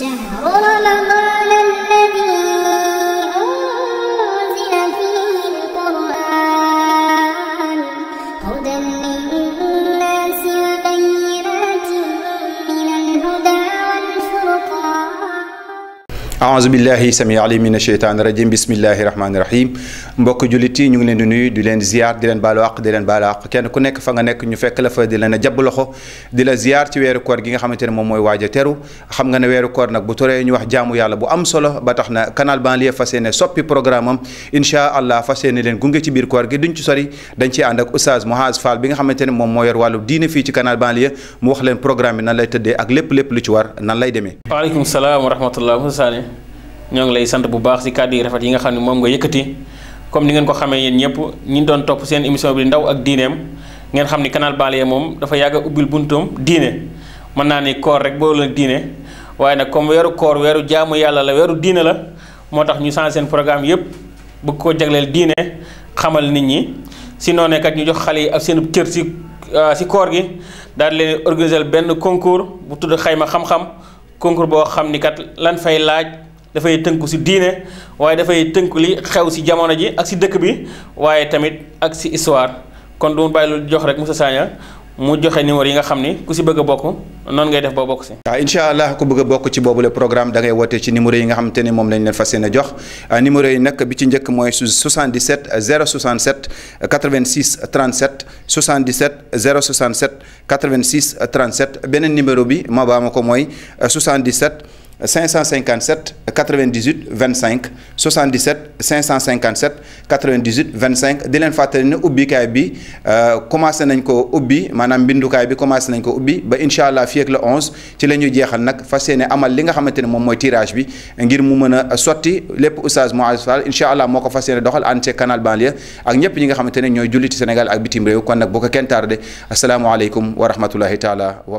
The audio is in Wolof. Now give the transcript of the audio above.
شهر رمضان الذي أنزل فيه القرآن هدى للناس aouzu billahi sami alim min asheytaani rajim bismillahi rahmaani rahim mbokk jullit yi ñu ngi leen di nuyu di leen ziar di leen baalu àq di leen baalu àq kenn ku nekk fa nga nekk ñu fekk la fa di leen a jàbb loxo di la ziar ci weeru koor gi nga xamante ne moom mooy waaj a teru xam nga ne weeru koor nag bu toree ñu wax jaamu yàlla bu am solo ba tax na canal banlieue fas yéene soppi programme am inchaa allah fas yéene leen gunge ci biir koor gi duñ ci sori dañ ciy ànd ak oustaz Mouhaaz Fall bi nga xamante ne moom moo yor wàllu diine fii ci canal banlieue mu wax leen programme bi nan lay tëddee ak lépp lépp lu ci war nan lay demee waaleykum salaam wa rahmatullah ñoo ngi lay sante bu baax si cadre yi rafet yi nga xamni mom nga yëkëti comme ni ngeen ko xamé yeen ñëpp ñi doon top seen émission bi ndaw ak diinem ngeen xamni canal balé mom dafa yaga ubil buntum diiné man na ni koor rek bo leen diiné waaye nak comme wéru koor wéru jaamu yalla la wéru diiné la motax ñu sans seen programme yëpp bu ko jagleel diiné xamal nit ñi si noonee kat ñu jox xale ak seen cër si euh, ci koor gi daal leen organiser ben concours bu tudd xayma xam-xam concours bo xamni kat lan fay laaj. dafay tënku si diine waaye dafay tënku li xew si jamono ji ak si dëkk bi waaye tamit ak si histoire kon du mu bàyyi lu jox rek Moussa Sagna mu joxe numéro yi nga xam ni ku si bëgg a bokk noon ngay def ba bokk si. waaw incha allah ku bëgg a bokk ci boobule programme da ngay woote ci numéro yi nga xamante ne moom lañ leen fas yéene jox ah, numéro yi nag bi ci njëkk mooy 77 067 86 37 77 067 86 37 beneen numéro bi ma baa ma ko mooy 77. vingt 557 98 25 77 557 vingt 25 di leen fàttali ne ubbikaay bi euh, commencé nañ ko ubbi maanaam mbindukaay bi commencé nañ ko ubbi ba incha allah fii ak le 11 ci la ñuy jeexal nag fa yéene amal li nga xamante ne moom mooy tirage bi ngir mu mën a sotti lépp oustaz Mou'Aze Fall incha allah moo ko fas yéene doxal ànd ceeg Canal Banlieue ak ñëpp ñi nga xamante ne ñooy julliti Sénégal ak bitim réew kon nag boo ko kenn tardé asalaamualeykum wa rahmatullahi taala